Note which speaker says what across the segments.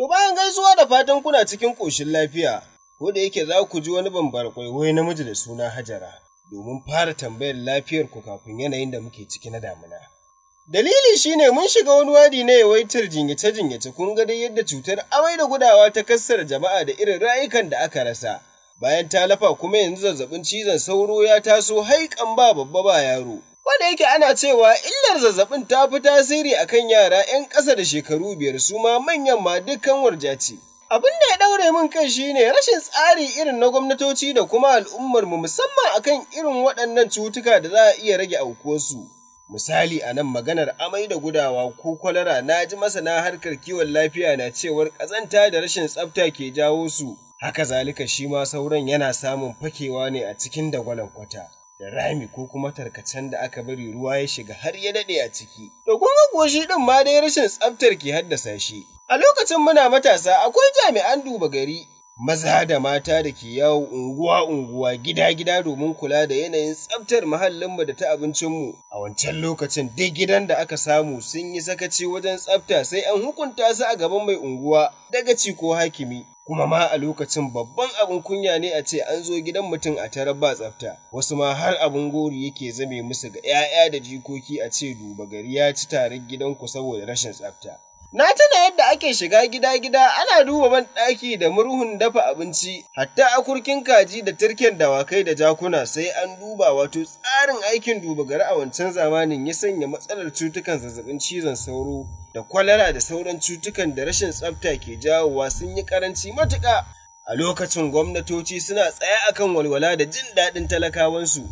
Speaker 1: To bayan gaisuwa da fatan kuna cikin ƙoshin lafiya, ko da yake za ku ji wani bambar kwaikwayo namiji da suna Hajara, domin fara tambayar lafiyar ku kafin yanayin da muke ciki na damina. Dalili shine mun shiga wani wadi na yawaitar jinyace-jinyace kun ga dai yadda cutar amai da gudawa ta kassara jama'a da irin rayukan da aka rasa. Bayan ta lafa kuma yanzu zazzabin cizon sauro ya taso haikan ba babba ba yaro. da yake ana cewa illar zazzabin ta fi tasiri a kan yara 'yan ƙasa da shekaru biyar su ma manyan ma dukkan warjaci. Abin da ya ɗaure min kai shi ne rashin tsari irin na gwamnatoci da kuma al'ummarmu musamman a kan irin waɗannan cutuka da za a iya rage aukuwarsu. Misali a nan maganar amai da gudawa ko kwalara na ji masana harkar kiwon lafiya na cewar ƙazanta da rashin tsafta ke jawo su. Haka zalika shi ma sauran yana samun fakewa ne a cikin dagwalon kwata. da rami ko kuma tarkacen da aka bari ruwa ya shiga har ya daɗe a ciki. Da kuma kuwa shi ɗin ma dai rashin tsaftar ke haddasa shi. A lokacin muna matasa akwai jami'an duba gari maza da mata da ke yawo unguwa-unguwa gida-gida domin kula da yanayin tsaftar muhallinmu da ta abincinmu. A wancan lokacin duk gidan da aka samu sun yi sakaci wajen tsafta sai an hukunta su a gaban mai unguwa daga ko hakimi. kuma ma a lokacin babban abin kunya ne a ce an zo gidan mutum a tarar ba tsafta wasu ma har abin gori yake zame musu ga 'ya'ya da jikoki a ce duba gari ya ci tarin gidanku saboda rashin tsafta Na tuna yadda ake shiga gida-gida ana duba banɗaki da murhun dafa abinci, hatta akurkin kaji da turken dawakai da jakuna sai an duba wato tsarin aikin duba gari a wancan zamanin ya sanya matsalar cutukan zazzabin cizon sauro da kwalara da sauran cutukan da rashin tsafta ke jawowa sun yi karanci matuƙa. A lokacin gwamnatoci suna tsaye akan walwala da jin daɗin talakawansu,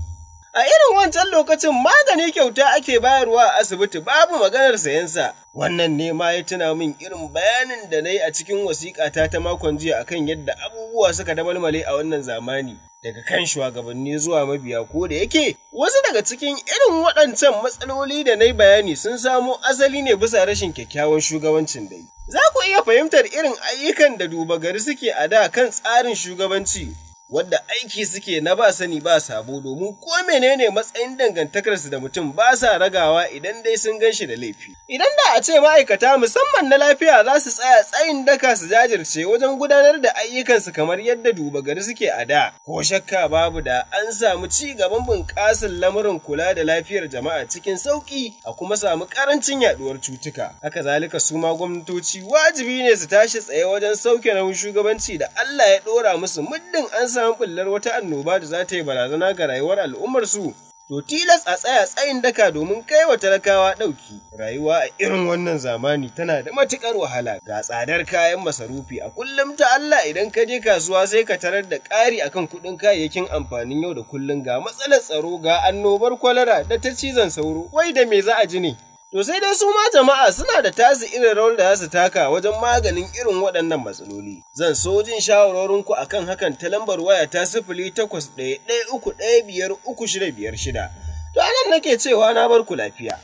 Speaker 1: A irin wancan lokacin magani kyauta ake bayarwa a asibiti babu maganar sayansa. Wannan ne ma ya tuna min irin bayanin da na yi a cikin wasiƙata ta makon jiya akan yadda abubuwa suka damalmale a wannan zamani. Daga kan shugabanni zuwa mabiya ko da yake, wasu daga cikin irin waɗancan matsaloli da na bayani sun samo asali ne bisa rashin kyakkyawan shugabancin dai. Za ku iya fahimtar irin ayyukan da duba gari suke a da kan tsarin shugabanci. wadda aiki suke na ba sani ba sabo domin ko menene matsayin dangantakarsu da mutum ba sa ragawa idan dai sun gan shi da laifi. Idan da a ce ma'aikata musamman na lafiya za su tsaya tsayin daka su jajirce wajen gudanar da ayyukansu kamar yadda duba gari suke a da, ko shakka babu da an samu ci gaban bunƙasar lamurin kula da lafiyar jama'a cikin sauƙi a kuma samu ƙarancin yaɗuwar cutuka. Haka zalika su ma gwamnatoci wajibi ne su tashi tsaye wajen sauke nauyin shugabanci da Allah ya ɗora musu muddin an samu ɓullar wata annoba da za ta yi barazana ga rayuwar al'ummar su, to tilas a tsaya tsayin daka domin kai wa talakawa ɗauki. Rayuwa a irin wannan zamani tana da matuƙar wahala ga tsadar kayan masarufi a kullum ta Allah idan ka je kasuwa sai ka tarar da ƙari akan kuɗin kayayyakin amfanin yau da kullum ga matsalar tsaro ga annobar kwalara da ta cizon sauro wai da me za a ji ne. To sai dai su ma jama'a suna da tasu irin rawar da za su taka wajen maganin irin waɗannan matsaloli. Zan so jin ku akan hakan ta lambar waya ta sifili takwas ɗaya ɗaya uku ɗaya biyar uku shida biyar shida. To anan nake cewa na bar ku lafiya.